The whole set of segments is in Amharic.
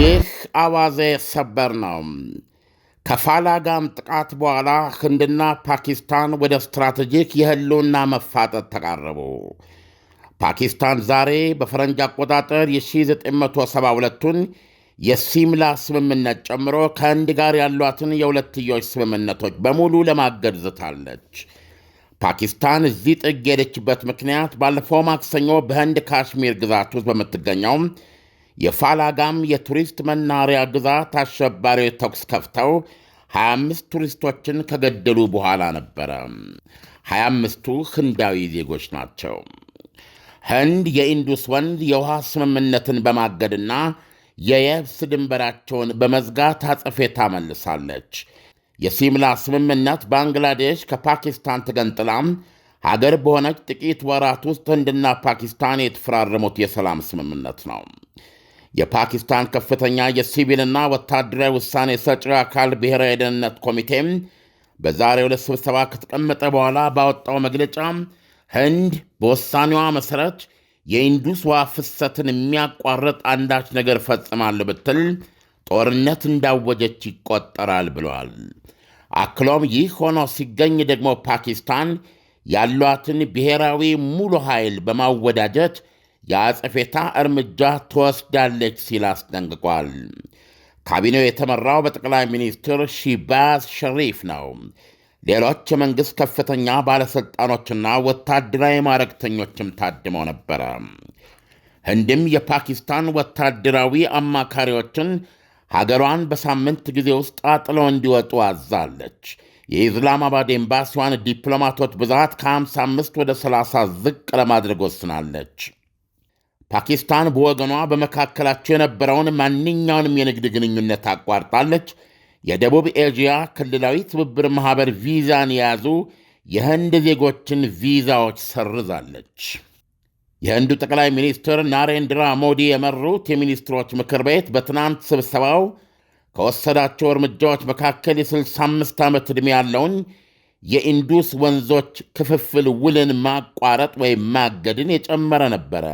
ይህ አዋዜ ሰበር ነው። ከፋላጋም ጥቃት በኋላ ህንድና ፓኪስታን ወደ ስትራቴጂክ የህልውና መፋጠጥ ተቃረቡ። ፓኪስታን ዛሬ በፈረንጅ አቆጣጠር የ1972ቱን የሲምላ ስምምነት ጨምሮ ከህንድ ጋር ያሏትን የሁለትዮሽ ስምምነቶች በሙሉ ለማገድ ዝታለች። ፓኪስታን እዚህ ጥግ የሄደችበት ምክንያት ባለፈው ማክሰኞ በህንድ ካሽሚር ግዛት ውስጥ በምትገኘው የፋላጋም የቱሪስት መናሪያ ግዛት አሸባሪ ተኩስ ከፍተው 25 ቱሪስቶችን ከገደሉ በኋላ ነበረ። 25ቱ ህንዳዊ ዜጎች ናቸው። ህንድ የኢንዱስ ወንዝ የውሃ ስምምነትን በማገድና የየብስ ድንበራቸውን በመዝጋት አጸፌታ መልሳለች። የሲምላ ስምምነት ባንግላዴሽ ከፓኪስታን ተገንጥላም ሀገር በሆነች ጥቂት ወራት ውስጥ ህንድና ፓኪስታን የተፈራረሙት የሰላም ስምምነት ነው። የፓኪስታን ከፍተኛ የሲቪልና ወታደራዊ ውሳኔ ሰጪ አካል ብሔራዊ የደህንነት ኮሚቴም በዛሬ ሁለት ስብሰባ ከተቀመጠ በኋላ ባወጣው መግለጫ ህንድ በውሳኔዋ መሠረት የኢንዱስ ውሃ ፍሰትን የሚያቋረጥ አንዳች ነገር ፈጽማል ብትል ጦርነት እንዳወጀች ይቆጠራል ብለዋል። አክሎም ይህ ሆኖ ሲገኝ ደግሞ ፓኪስታን ያሏትን ብሔራዊ ሙሉ ኃይል በማወዳጀት የአጸፌታ እርምጃ ትወስዳለች ሲል አስጠንቅቋል። ካቢኔው የተመራው በጠቅላይ ሚኒስትር ሺባዝ ሸሪፍ ነው። ሌሎች የመንግሥት ከፍተኛ ባለሥልጣኖችና ወታደራዊ ማረግተኞችም ታድመው ነበረ። ህንድም የፓኪስታን ወታደራዊ አማካሪዎችን ሀገሯን በሳምንት ጊዜ ውስጥ አጥለው እንዲወጡ አዛለች። የኢስላማባድ ኤምባሲዋን ዲፕሎማቶች ብዛት ከ55 ወደ 30 ዝቅ ለማድረግ ወስናለች። ፓኪስታን በወገኗ በመካከላቸው የነበረውን ማንኛውንም የንግድ ግንኙነት አቋርጣለች። የደቡብ ኤዥያ ክልላዊ ትብብር ማኅበር ቪዛን የያዙ የህንድ ዜጎችን ቪዛዎች ሰርዛለች። የህንዱ ጠቅላይ ሚኒስትር ናሬንድራ ሞዲ የመሩት የሚኒስትሮች ምክር ቤት በትናንት ስብሰባው ከወሰዳቸው እርምጃዎች መካከል የ65 ዓመት ዕድሜ ያለውን የኢንዱስ ወንዞች ክፍፍል ውልን ማቋረጥ ወይም ማገድን የጨመረ ነበረ።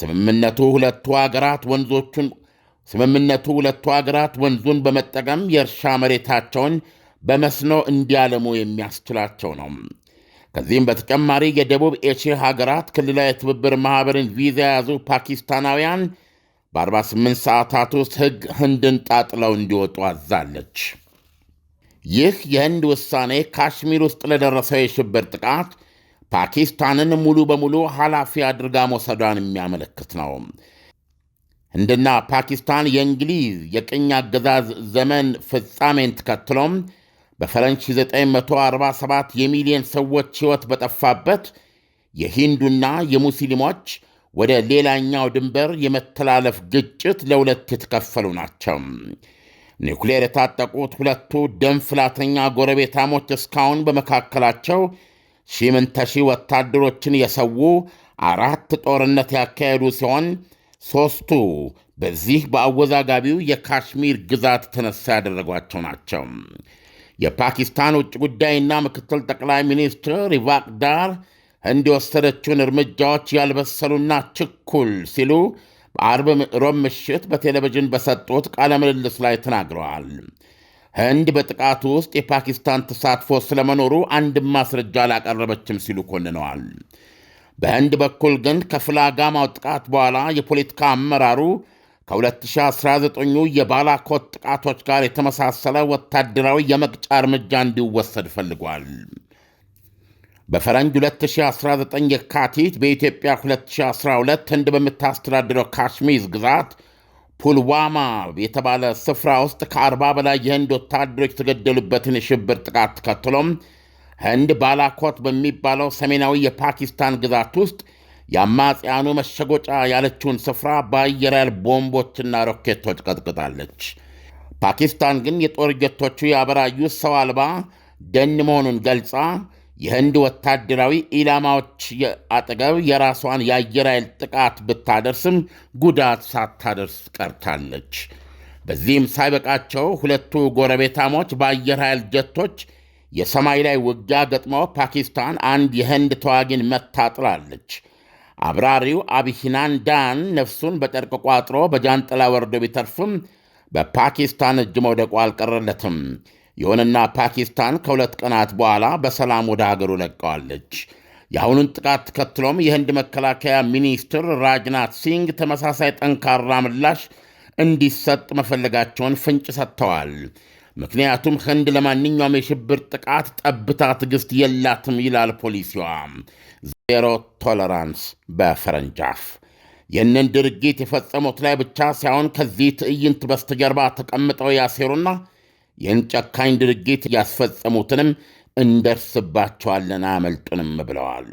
ስምምነቱ ሁለቱ አገራት ወንዞቹን ስምምነቱ ሁለቱ አገራት ወንዙን በመጠቀም የእርሻ መሬታቸውን በመስኖ እንዲያለሙ የሚያስችላቸው ነው። ከዚህም በተጨማሪ የደቡብ ኤሽያ ሀገራት ክልላዊ የትብብር ማኅበርን ቪዛ የያዙ ፓኪስታናውያን በ48 ሰዓታት ውስጥ ሕግ ህንድን ጣጥለው እንዲወጡ አዛለች። ይህ የህንድ ውሳኔ ካሽሚር ውስጥ ለደረሰው የሽብር ጥቃት ፓኪስታንን ሙሉ በሙሉ ኃላፊ አድርጋ መውሰዷን የሚያመለክት ነው። ህንድና ፓኪስታን የእንግሊዝ የቅኝ አገዛዝ ዘመን ፍጻሜን ተከትሎም በፈረንች 947 የሚሊዮን ሰዎች ሕይወት በጠፋበት የሂንዱና የሙስሊሞች ወደ ሌላኛው ድንበር የመተላለፍ ግጭት ለሁለት የተከፈሉ ናቸው። ኒውክሌር የታጠቁት ሁለቱ ደም ፍላተኛ ጎረቤታሞች እስካሁን በመካከላቸው ሺምንተ ሺህ ወታደሮችን የሰዉ አራት ጦርነት ያካሄዱ ሲሆን ሦስቱ በዚህ በአወዛጋቢው የካሽሚር ግዛት ተነሳ ያደረጓቸው ናቸው። የፓኪስታን ውጭ ጉዳይና ምክትል ጠቅላይ ሚኒስትር ሪቫቅ ዳር ህንድ የወሰደችውን እርምጃዎች ያልበሰሉና ችኩል ሲሉ በአርብ ሮብ ምሽት በቴሌቪዥን በሰጡት ቃለ ምልልስ ላይ ተናግረዋል። ህንድ በጥቃቱ ውስጥ የፓኪስታን ተሳትፎ ስለመኖሩ አንድም ማስረጃ አላቀረበችም ሲሉ ኮንነዋል። በህንድ በኩል ግን ከፍላጋማው ጥቃት በኋላ የፖለቲካ አመራሩ ከ 2019 የባላኮት ጥቃቶች ጋር የተመሳሰለ ወታደራዊ የመቅጫ እርምጃ እንዲወሰድ ፈልጓል። በፈረንጅ 2019 የካቲት በኢትዮጵያ 2012 ህንድ በምታስተዳድረው ካሽሚዝ ግዛት ፑልዋማ የተባለ ስፍራ ውስጥ ከአርባ በላይ የህንድ ወታደሮች የተገደሉበትን የሽብር ጥቃት ተከትሎም ህንድ ባላኮት በሚባለው ሰሜናዊ የፓኪስታን ግዛት ውስጥ የአማጽያኑ መሸጎጫ ያለችውን ስፍራ በአየር ኃይል ቦምቦችና ሮኬቶች ቀጥቅጣለች። ፓኪስታን ግን የጦር ጀቶቹ ያበራዩት ሰው አልባ ደን መሆኑን ገልጻ የህንድ ወታደራዊ ኢላማዎች አጠገብ የራሷን የአየር ኃይል ጥቃት ብታደርስም ጉዳት ሳታደርስ ቀርታለች። በዚህም ሳይበቃቸው ሁለቱ ጎረቤታሞች በአየር ኃይል ጀቶች የሰማይ ላይ ውጊያ ገጥመው ፓኪስታን አንድ የህንድ ተዋጊን መታጥላለች። አብራሪው አብራሪው አብሂናንዳን ነፍሱን በጨርቅ ቋጥሮ በጃንጥላ ወርዶ ቢተርፍም በፓኪስታን እጅ መውደቁ አልቀረለትም። ይሁንና ፓኪስታን ከሁለት ቀናት በኋላ በሰላም ወደ አገሩ ለቀዋለች። የአሁኑን ጥቃት ተከትሎም የህንድ መከላከያ ሚኒስትር ራጅናት ሲንግ ተመሳሳይ ጠንካራ ምላሽ እንዲሰጥ መፈለጋቸውን ፍንጭ ሰጥተዋል። ምክንያቱም ህንድ ለማንኛውም የሽብር ጥቃት ጠብታ ትግስት የላትም ይላል ፖሊሲዋ፣ ዜሮ ቶለራንስ በፈረንጃፍ ይህንን ድርጊት የፈጸሙት ላይ ብቻ ሳይሆን ከዚህ ትዕይንት በስተጀርባ ተቀምጠው ያሴሩና ይህን ጨካኝ ድርጊት ያስፈጸሙትንም እንደርስባቸዋለን፣ አያመልጡንም ብለዋል።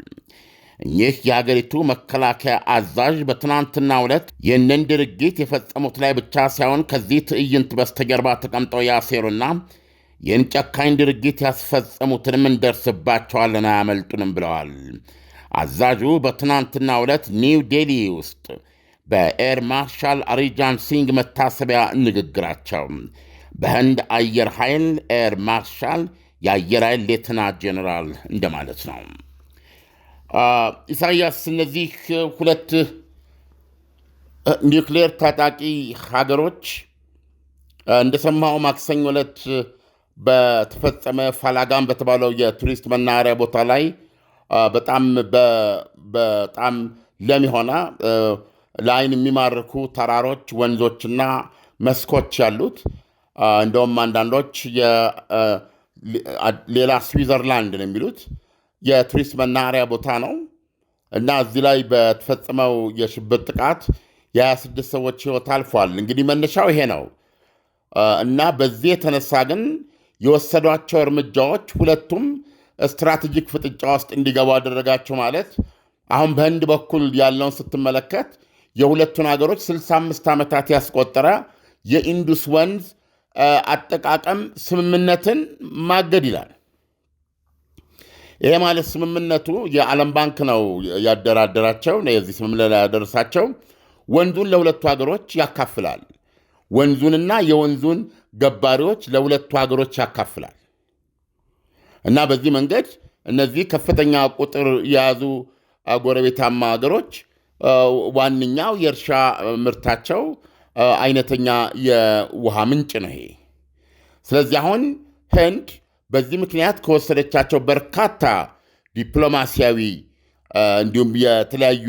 እኚህ የአገሪቱ መከላከያ አዛዥ በትናንትናው ዕለት ይህንን ድርጊት የፈጸሙት ላይ ብቻ ሳይሆን ከዚህ ትዕይንት በስተጀርባ ተቀምጠው ያሴሩና ይህን ጨካኝ ድርጊት ያስፈጸሙትንም እንደርስባቸዋለን፣ አያመልጡንም ብለዋል። አዛዡ በትናንትና ዕለት ኒው ዴሊ ውስጥ በኤር ማርሻል አሪጃን ሲንግ መታሰቢያ ንግግራቸው በህንድ አየር ኃይል ኤር ማርሻል የአየር ኃይል ሌትና ጄኔራል እንደማለት ነው። ኢሳያስ፣ እነዚህ ሁለት ኒውክሌር ታጣቂ ሀገሮች እንደሰማው ማክሰኞ ዕለት በተፈጸመ ፋላጋን በተባለው የቱሪስት መናኸሪያ ቦታ ላይ በጣም በጣም ለም የሆነ ለአይን የሚማርኩ ተራሮች፣ ወንዞችና መስኮች ያሉት እንደውም አንዳንዶች ሌላ ስዊዘርላንድ ነው የሚሉት የቱሪስት መናኸሪያ ቦታ ነው እና እዚህ ላይ በተፈጸመው የሽብር ጥቃት የ26 ሰዎች ሕይወት አልፏል። እንግዲህ መነሻው ይሄ ነው እና በዚህ የተነሳ ግን የወሰዷቸው እርምጃዎች ሁለቱም ስትራቴጂክ ፍጥጫ ውስጥ እንዲገቡ አደረጋቸው። ማለት አሁን በህንድ በኩል ያለውን ስትመለከት የሁለቱን ሀገሮች 65 ዓመታት ያስቆጠረ የኢንዱስ ወንዝ አጠቃቀም ስምምነትን ማገድ ይላል። ይሄ ማለት ስምምነቱ የዓለም ባንክ ነው ያደራደራቸው፣ የዚህ ስምምነት ላይ ያደረሳቸው ወንዙን ለሁለቱ ሀገሮች ያካፍላል። ወንዙንና የወንዙን ገባሪዎች ለሁለቱ ሀገሮች ያካፍላል እና በዚህ መንገድ እነዚህ ከፍተኛ ቁጥር የያዙ ጎረቤታማ ሀገሮች ዋነኛው የእርሻ ምርታቸው አይነተኛ የውሃ ምንጭ ነው ይሄ። ስለዚህ አሁን ህንድ በዚህ ምክንያት ከወሰደቻቸው በርካታ ዲፕሎማሲያዊ እንዲሁም የተለያዩ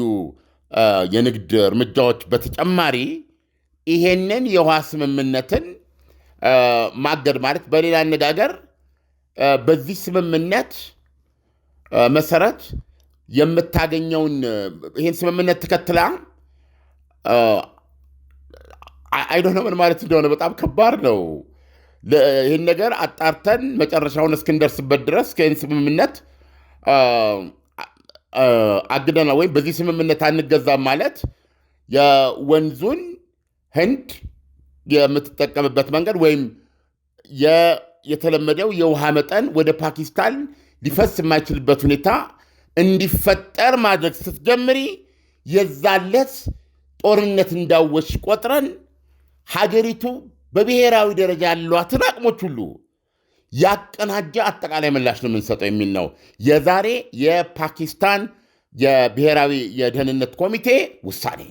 የንግድ እርምጃዎች በተጨማሪ ይሄንን የውሃ ስምምነትን ማገድ ማለት በሌላ አነጋገር በዚህ ስምምነት መሰረት የምታገኘውን ይህን ስምምነት ተከትላ አይዶነ ምን ማለት እንደሆነ በጣም ከባድ ነው። ይህን ነገር አጣርተን መጨረሻውን እስክንደርስበት ድረስ ከይህን ስምምነት አግደና ወይም በዚህ ስምምነት አንገዛም ማለት የወንዙን ህንድ የምትጠቀምበት መንገድ ወይም የተለመደው የውሃ መጠን ወደ ፓኪስታን ሊፈስ የማይችልበት ሁኔታ እንዲፈጠር ማድረግ ስትጀምሪ የዛለት ጦርነት እንዳወሽ ቆጥረን ሀገሪቱ በብሔራዊ ደረጃ ያሏትን አቅሞች ሁሉ ያቀናጀ አጠቃላይ ምላሽ ነው የምንሰጠው የሚል ነው የዛሬ የፓኪስታን የብሔራዊ የደህንነት ኮሚቴ ውሳኔ።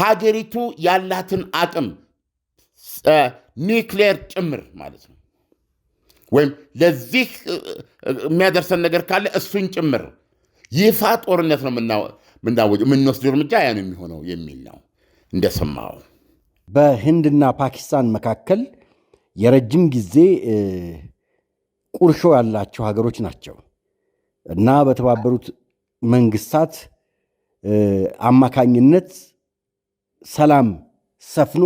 ሀገሪቱ ያላትን አቅም ኒክሌር ጭምር ማለት ነው ወይም ለዚህ የሚያደርሰን ነገር ካለ እሱን ጭምር ይፋ ጦርነት ነው የምንወስደው እርምጃ ያን የሚሆነው የሚል ነው እንደሰማው በህንድና ፓኪስታን መካከል የረጅም ጊዜ ቁርሾ ያላቸው ሀገሮች ናቸው እና በተባበሩት መንግስታት አማካኝነት ሰላም ሰፍኖ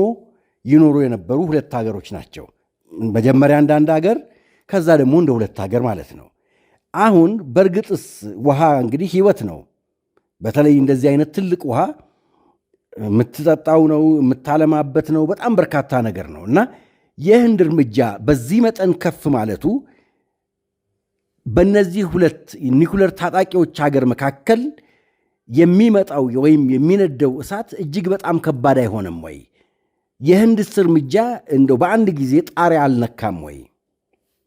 ይኖሩ የነበሩ ሁለት ሀገሮች ናቸው። መጀመሪያ እንደ አንድ ሀገር ከዛ ደግሞ እንደ ሁለት ሀገር ማለት ነው። አሁን በእርግጥስ ውሃ እንግዲህ ህይወት ነው። በተለይ እንደዚህ አይነት ትልቅ ውሃ የምትጠጣው ነው የምታለማበት ነው። በጣም በርካታ ነገር ነው እና የህንድ እርምጃ በዚህ መጠን ከፍ ማለቱ በእነዚህ ሁለት ኒኩለር ታጣቂዎች ሀገር መካከል የሚመጣው ወይም የሚነደው እሳት እጅግ በጣም ከባድ አይሆንም ወይ? የህንድስ እርምጃ እንደው በአንድ ጊዜ ጣሪያ አልነካም ወይ?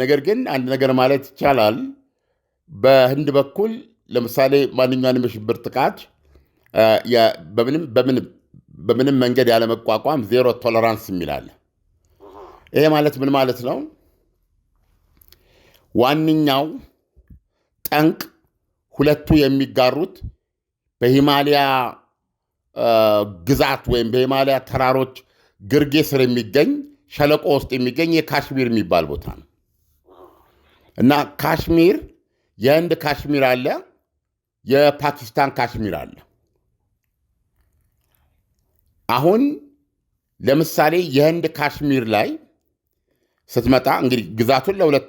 ነገር ግን አንድ ነገር ማለት ይቻላል በህንድ በኩል ለምሳሌ ማንኛውንም የሽብር ጥቃት በምንም መንገድ ያለመቋቋም ዜሮ ቶለራንስ የሚላል። ይሄ ማለት ምን ማለት ነው? ዋነኛው ጠንቅ ሁለቱ የሚጋሩት በሂማሊያ ግዛት ወይም በሂማሊያ ተራሮች ግርጌ ስር የሚገኝ ሸለቆ ውስጥ የሚገኝ የካሽሚር የሚባል ቦታ ነው እና ካሽሚር የህንድ ካሽሚር አለ፣ የፓኪስታን ካሽሚር አለ። አሁን ለምሳሌ የህንድ ካሽሚር ላይ ስትመጣ እንግዲህ ግዛቱን ለሁለት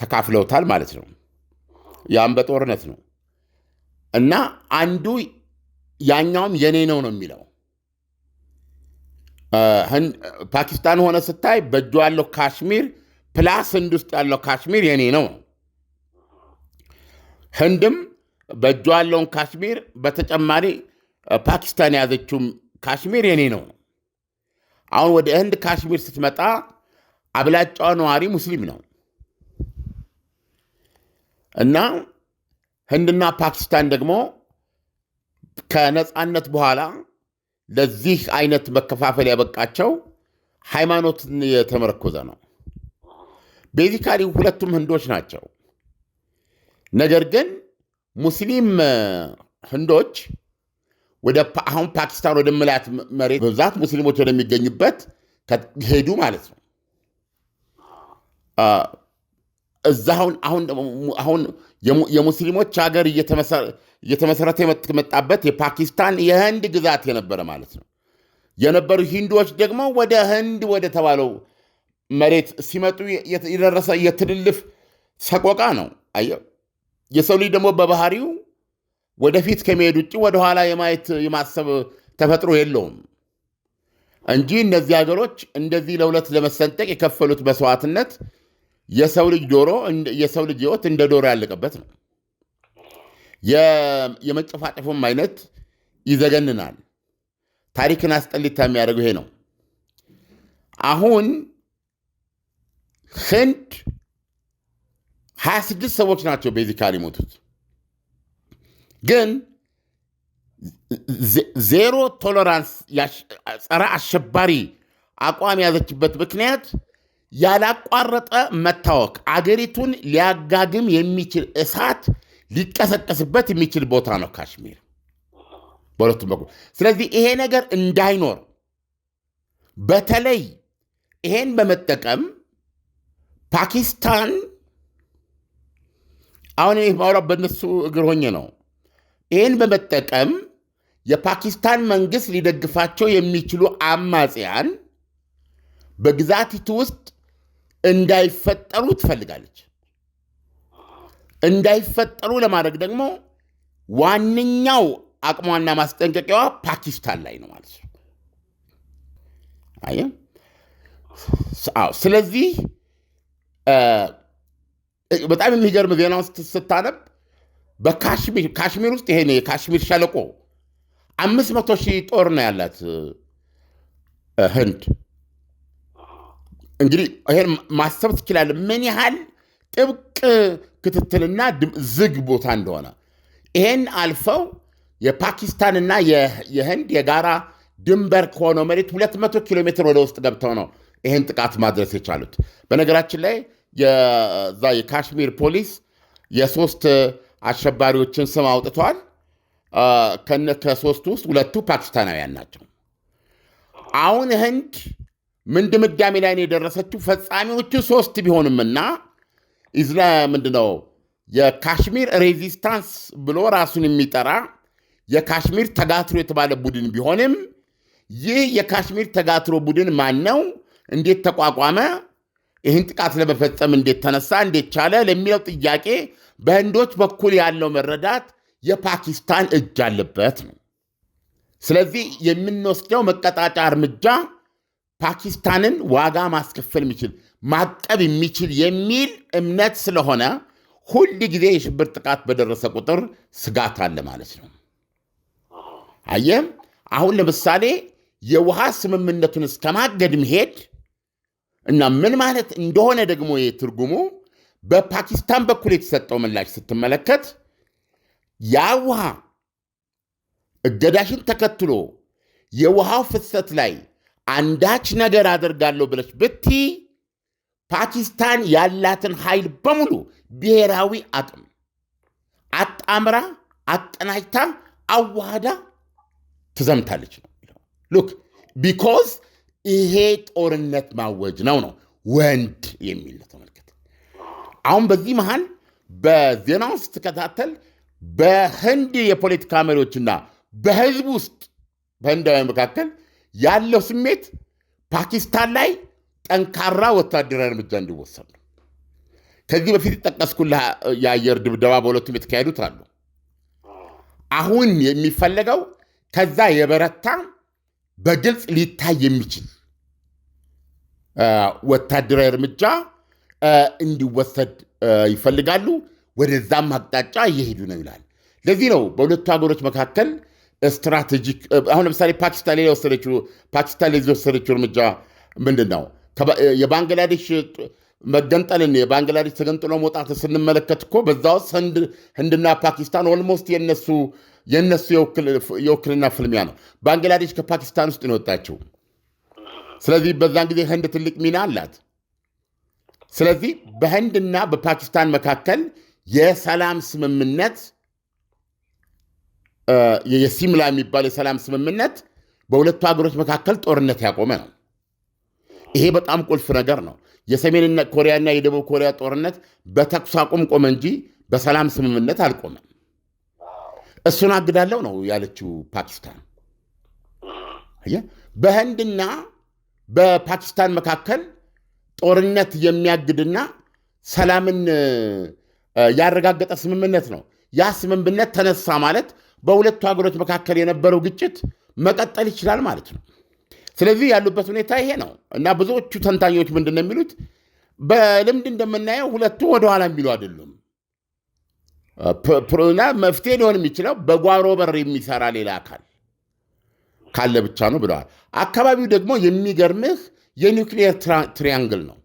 ተካፍለውታል ማለት ነው። ያም በጦርነት ነው እና አንዱ ያኛውም የኔ ነው ነው የሚለው ፓኪስታን ሆነ ስታይ በእጁ ያለው ካሽሚር ፕላስ ህንድ ውስጥ ያለው ካሽሚር የኔ ነው። ህንድም በእጇ ያለውን ካሽሚር በተጨማሪ ፓኪስታን የያዘችውም ካሽሚር የኔ ነው። አሁን ወደ ህንድ ካሽሚር ስትመጣ አብላጫው ነዋሪ ሙስሊም ነው እና ህንድና ፓኪስታን ደግሞ ከነፃነት በኋላ ለዚህ አይነት መከፋፈል ያበቃቸው ሃይማኖትን የተመረኮዘ ነው። ቤዚካሊ ሁለቱም ህንዶች ናቸው። ነገር ግን ሙስሊም ህንዶች ወደ አሁን ፓኪስታን ወደ ምላት መሬት በብዛት ሙስሊሞች ወደሚገኙበት ሄዱ ማለት ነው። እዛ አሁን የሙስሊሞች ሀገር እየተመሰረተ የመጣበት የፓኪስታን የህንድ ግዛት የነበረ ማለት ነው። የነበሩ ሂንዶች ደግሞ ወደ ህንድ ወደ ተባለው መሬት ሲመጡ የደረሰ የትልልፍ ሰቆቃ ነው። አየው የሰው ልጅ ደግሞ በባህሪው ወደፊት ከመሄድ ውጭ ወደኋላ የማየት የማሰብ ተፈጥሮ የለውም እንጂ እነዚህ ሀገሮች እንደዚህ ለሁለት ለመሰንጠቅ የከፈሉት መስዋዕትነት የሰው ልጅ ዶሮ የሰው ልጅ ህይወት እንደ ዶሮ ያለቀበት ነው። የመጨፋጨፉም አይነት ይዘገንናል። ታሪክን አስጠሊታ የሚያደርገው ይሄ ነው። አሁን ህንድ ሀያ ስድስት ሰዎች ናቸው ቤዚካሊ የሞቱት ግን ዜሮ ቶለራንስ ጸረ አሸባሪ አቋም የያዘችበት ምክንያት ያላቋረጠ መታወክ አገሪቱን ሊያጋግም የሚችል እሳት ሊቀሰቀስበት የሚችል ቦታ ነው ካሽሚር በሁለቱም በኩል። ስለዚህ ይሄ ነገር እንዳይኖር በተለይ ይሄን በመጠቀም ፓኪስታን አሁን ይህ ማውራት በእነሱ እግር ሆኜ ነው። ይህን በመጠቀም የፓኪስታን መንግስት ሊደግፋቸው የሚችሉ አማጽያን በግዛቲቱ ውስጥ እንዳይፈጠሩ ትፈልጋለች። እንዳይፈጠሩ ለማድረግ ደግሞ ዋነኛው አቅሟና ማስጠንቀቂያዋ ፓኪስታን ላይ ነው ማለት ነው። አየ ስለዚህ በጣም የሚገርም ዜና ውስጥ ስታነብ በካሽሚር ካሽሚር ውስጥ ይሄ የካሽሚር ሸለቆ አምስት መቶ ሺህ ጦር ነው ያላት ህንድ እንግዲህ ይሄን ማሰብ ትችላለ፣ ምን ያህል ጥብቅ ክትትልና ዝግ ቦታ እንደሆነ። ይሄን አልፈው የፓኪስታንና የህንድ የጋራ ድንበር ከሆነው መሬት 200 ኪሎ ሜትር ወደ ውስጥ ገብተው ነው ይሄን ጥቃት ማድረስ የቻሉት። በነገራችን ላይ የዛ የካሽሚር ፖሊስ የሶስት አሸባሪዎችን ስም አውጥተዋል። ከሶስቱ ውስጥ ሁለቱ ፓኪስታናውያን ናቸው። አሁን ህንድ ምን ድምዳሜ ላይ ነው የደረሰችው? ፈጻሚዎቹ ሶስት ቢሆንምና ኢዝላ ምንድነው የካሽሚር ሬዚስታንስ ብሎ ራሱን የሚጠራ የካሽሚር ተጋትሮ የተባለ ቡድን ቢሆንም ይህ የካሽሚር ተጋትሮ ቡድን ማን ነው? እንዴት ተቋቋመ? ይህን ጥቃት ለመፈጸም እንዴት ተነሳ? እንዴት ቻለ? ለሚለው ጥያቄ በህንዶች በኩል ያለው መረዳት የፓኪስታን እጅ አለበት ነው። ስለዚህ የምንወስደው መቀጣጫ እርምጃ ፓኪስታንን ዋጋ ማስከፈል የሚችል ማቀብ የሚችል የሚል እምነት ስለሆነ ሁል ጊዜ የሽብር ጥቃት በደረሰ ቁጥር ስጋት አለ ማለት ነው። አየ አሁን ለምሳሌ የውሃ ስምምነቱን እስከ ማገድ መሄድ እና ምን ማለት እንደሆነ ደግሞ የትርጉሙ በፓኪስታን በኩል የተሰጠው ምላሽ ስትመለከት ያ ውሃ እገዳሽን ተከትሎ የውሃው ፍሰት ላይ አንዳች ነገር አደርጋለሁ ብለች ብቲ ፓኪስታን ያላትን ኃይል በሙሉ ብሔራዊ አቅም አጣምራ አጠናጅታ አዋህዳ ትዘምታለች ነው። ሉክ ቢኮዝ ይሄ ጦርነት ማወጅ ነው ነው ወንድ የሚል ነው። ተመልከት። አሁን በዚህ መሃል በዜና ውስጥ ስትከታተል በህንድ የፖለቲካ መሪዎችና በህዝብ ውስጥ በህንዳውያን መካከል ያለው ስሜት ፓኪስታን ላይ ጠንካራ ወታደራዊ እርምጃ እንዲወሰድ ነው። ከዚህ በፊት ጠቀስኩልህ የአየር ድብደባ በሁለቱም የተካሄዱት አሉ። አሁን የሚፈለገው ከዛ የበረታ በግልጽ ሊታይ የሚችል ወታደራዊ እርምጃ እንዲወሰድ ይፈልጋሉ። ወደዛም አቅጣጫ እየሄዱ ነው ይላል። ለዚህ ነው በሁለቱ ሀገሮች መካከል ስትራቴጂክ አሁን ለምሳሌ ፓኪስታን የወሰደችው ፓኪስታን ላይ የወሰደችው እርምጃ ምንድን ነው? የባንግላዴሽ መገንጠልን የባንግላዴሽ ተገንጥሎ መውጣት ስንመለከት እኮ በዛ ውስጥ ህንድና ፓኪስታን ኦልሞስት የነሱ የነሱ የውክልና ፍልሚያ ነው። ባንግላዴሽ ከፓኪስታን ውስጥ ነው ስለዚህ በዛን ጊዜ ህንድ ትልቅ ሚና አላት። ስለዚህ በህንድና በፓኪስታን መካከል የሰላም ስምምነት የሲምላ የሚባል የሰላም ስምምነት በሁለቱ ሀገሮች መካከል ጦርነት ያቆመ ነው። ይሄ በጣም ቁልፍ ነገር ነው። የሰሜን ኮሪያና የደቡብ ኮሪያ ጦርነት በተኩስ አቁም ቆመ እንጂ በሰላም ስምምነት አልቆመም። እሱን አግዳለሁ ነው ያለችው ፓኪስታን። በህንድና በፓኪስታን መካከል ጦርነት የሚያግድና ሰላምን ያረጋገጠ ስምምነት ነው። ያ ስምምነት ተነሳ ማለት በሁለቱ ሀገሮች መካከል የነበረው ግጭት መቀጠል ይችላል ማለት ነው። ስለዚህ ያሉበት ሁኔታ ይሄ ነው እና ብዙዎቹ ተንታኞች ምንድን ነው የሚሉት? በልምድ እንደምናየው ሁለቱ ወደኋላ የሚሉ አይደሉም እና መፍትሄ ሊሆን የሚችለው በጓሮ በር የሚሰራ ሌላ አካል ካለ ብቻ ነው ብለዋል። አካባቢው ደግሞ የሚገርምህ የኒውክሊየር ትሪያንግል ነው።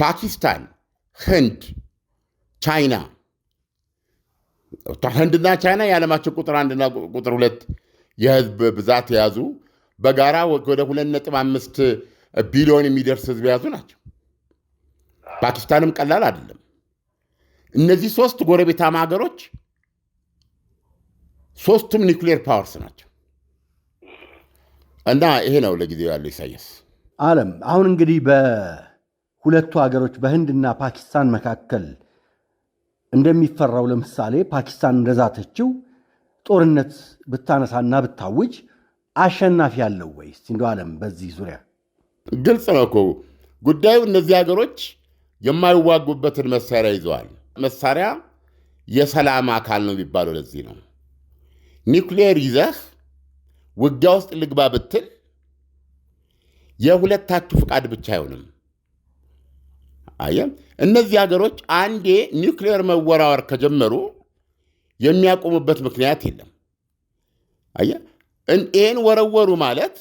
ፓኪስታን፣ ህንድ፣ ቻይና ህንድና ቻይና የዓለማችን ቁጥር አንድና ቁጥር ሁለት የህዝብ ብዛት የያዙ በጋራ ወደ ሁለት ነጥብ አምስት ቢሊዮን የሚደርስ ህዝብ የያዙ ናቸው። ፓኪስታንም ቀላል አይደለም። እነዚህ ሶስት ጎረቤታማ ሀገሮች ሶስቱም ኒውክሌር ፓወርስ ናቸው እና ይሄ ነው ለጊዜው ያለው። ኢሳያስ አለም፣ አሁን እንግዲህ በሁለቱ ሀገሮች በህንድና ፓኪስታን መካከል እንደሚፈራው ለምሳሌ ፓኪስታን እንደዛተችው ጦርነት ብታነሳና ብታውጅ አሸናፊ ያለው ወይ? እንደ ዓለም በዚህ ዙሪያ ግልጽ ነው እኮ ጉዳዩ። እነዚህ ሀገሮች የማይዋጉበትን መሳሪያ ይዘዋል። መሳሪያ የሰላም አካል ነው የሚባለው ለዚህ ነው። ኒውክሌር ይዘህ ውጊያ ውስጥ ልግባ ብትል የሁለታችሁ ፍቃድ ብቻ አይሆንም። አየ እነዚህ ሀገሮች አንዴ ኒውክሌር መወራወር ከጀመሩ የሚያቆሙበት ምክንያት የለም። አየ ይህን ወረወሩ ማለት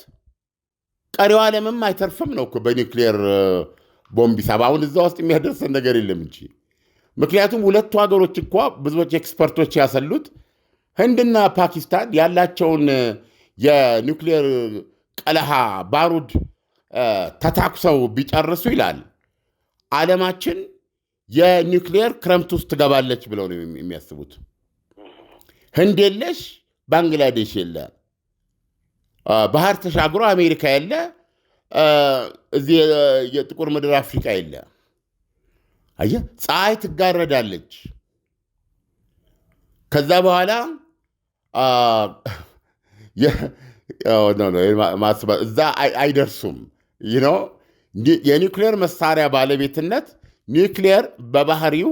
ቀሪው ዓለምም አይተርፍም ነው እኮ በኒውክሌር ቦምብ ሂሳብ አሁን እዛ ውስጥ የሚያደርሰን ነገር የለም እንጂ ምክንያቱም ሁለቱ ሀገሮች እኳ ብዙዎች ኤክስፐርቶች ያሰሉት ህንድና ፓኪስታን ያላቸውን የኒውክሌር ቀለሃ ባሩድ ተታኩሰው ቢጨርሱ ይላል ዓለማችን የኒውክሊየር ክረምት ውስጥ ትገባለች ብለው ነው የሚያስቡት። ህንድ የለሽ፣ ባንግላዴሽ የለ፣ ባህር ተሻግሮ አሜሪካ የለ፣ እዚህ የጥቁር ምድር አፍሪካ የለ። አየህ፣ ፀሐይ ትጋረዳለች። ከዛ በኋላ እዛ አይደርሱም ነው የኒውክሌር መሳሪያ ባለቤትነት ኒውክሌር በባህሪው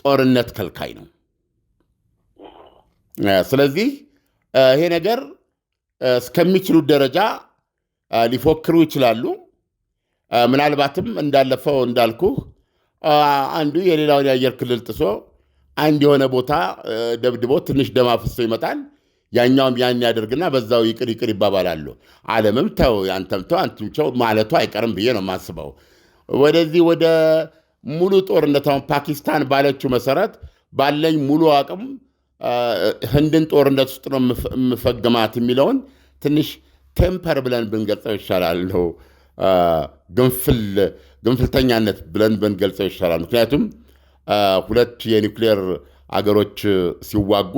ጦርነት ከልካይ ነው። ስለዚህ ይሄ ነገር እስከሚችሉት ደረጃ ሊፎክሩ ይችላሉ። ምናልባትም እንዳለፈው እንዳልኩህ አንዱ የሌላውን የአየር ክልል ጥሶ አንድ የሆነ ቦታ ደብድቦ ትንሽ ደም አፍሶ ይመጣል። ያኛውም ያን ያደርግና በዛው ይቅር ይቅር ይባባላሉ። ዓለምም ተው ያንተም ተው አንቱም ተው ማለቱ አይቀርም ብዬ ነው የማስበው። ወደዚህ ወደ ሙሉ ጦርነት አሁን ፓኪስታን ባለችው መሰረት ባለኝ ሙሉ አቅም ህንድን ጦርነት ውስጥ ነው የምፈግማት የሚለውን ትንሽ ቴምፐር ብለን ብንገልጸው ይሻላል ነው ግንፍልተኛነት ብለን ብንገልጸው ይሻላል። ምክንያቱም ሁለት የኒውክሌር አገሮች ሲዋጉ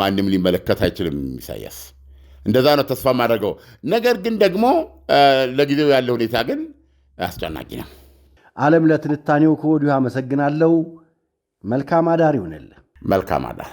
ማንም ሊመለከት አይችልም። ኢሳያስ እንደዛ ነው ተስፋ የማደርገው። ነገር ግን ደግሞ ለጊዜው ያለ ሁኔታ ግን አስጨናቂ ነው። ዓለም ለትንታኔው ከወዲሁ አመሰግናለሁ። መልካም አዳር ይሆንልህ። መልካም አዳር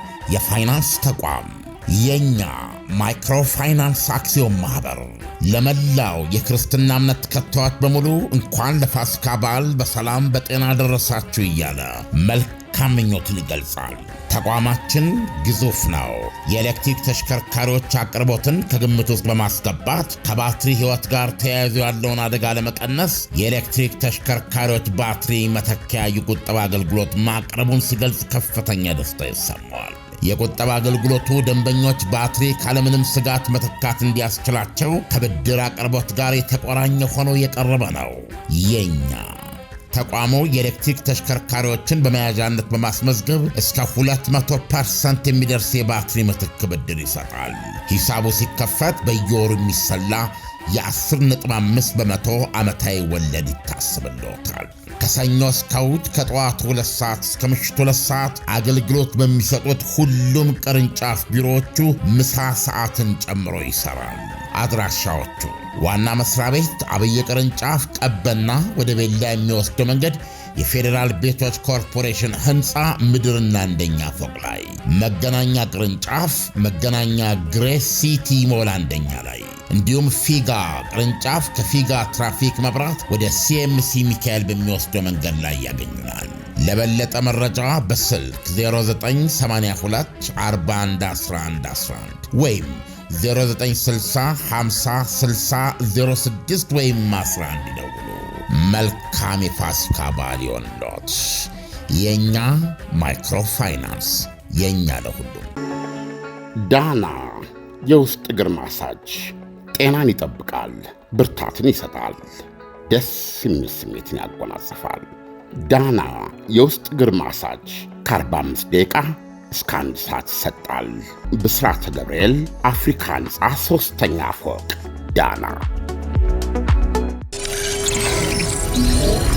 የፋይናንስ ተቋም የእኛ ማይክሮፋይናንስ አክሲዮን ማኅበር ለመላው የክርስትና እምነት ተከታዮች በሙሉ እንኳን ለፋሲካ በዓል በሰላም በጤና ደረሳችሁ እያለ መልካም ምኞቱን ይገልጻል። ተቋማችን ግዙፍ ነው። የኤሌክትሪክ ተሽከርካሪዎች አቅርቦትን ከግምት ውስጥ በማስገባት ከባትሪ ሕይወት ጋር ተያይዞ ያለውን አደጋ ለመቀነስ የኤሌክትሪክ ተሽከርካሪዎች ባትሪ መተኪያ የቁጠባ አገልግሎት ማቅረቡን ሲገልጽ ከፍተኛ ደስታ ይሰማዋል። የቁጠባ አገልግሎቱ ደንበኞች ባትሪ ካለምንም ስጋት መተካት እንዲያስችላቸው ከብድር አቅርቦት ጋር የተቆራኘ ሆኖ የቀረበ ነው። የኛ ተቋሙ የኤሌክትሪክ ተሽከርካሪዎችን በመያዣነት በማስመዝገብ እስከ 200 ፐርሰንት የሚደርስ የባትሪ ምትክ ብድር ይሰጣል። ሂሳቡ ሲከፈት በየወሩ የሚሰላ የ10.5 በመቶ ዓመታዊ ወለድ ይታሰብልዎታል። ከሰኞ እስከ እሁድ ከጠዋቱ 2 ሰዓት እስከ ምሽቱ 2 ሰዓት አገልግሎት በሚሰጡት ሁሉም ቅርንጫፍ ቢሮዎቹ ምሳ ሰዓትን ጨምሮ ይሰራል። አድራሻዎቹ ዋና መስሪያ ቤት አብየ ቅርንጫፍ ቀበና ወደ ቤላ የሚወስደው መንገድ የፌዴራል ቤቶች ኮርፖሬሽን ህንፃ ምድርና አንደኛ ፎቅ ላይ፣ መገናኛ ቅርንጫፍ መገናኛ ግሬስ ሲቲ ሞል አንደኛ ላይ እንዲሁም ፊጋ ቅርንጫፍ ከፊጋ ትራፊክ መብራት ወደ ሲኤምሲ ሚካኤል በሚወስደው መንገድ ላይ ያገኙናል። ለበለጠ መረጃ በስልክ 0982411111 ወይም 0960 ወይም 11 ይደውሉ። መልካም የፋሲካ በዓል ይሆንልዎት። የእኛ ማይክሮፋይናንስ የእኛ ለሁሉም። ዳና የውስጥ እግር ማሳጅ ጤናን ይጠብቃል፣ ብርታትን ይሰጣል፣ ደስ የሚል ስሜትን ያጎናጽፋል። ዳና የውስጥ እግር ማሳጅ ከ45 ደቂቃ እስከ አንድ ሰዓት ይሰጣል። ብስራተ ገብርኤል አፍሪካ ህንፃ ሦስተኛ ፎቅ ዳና Thank you.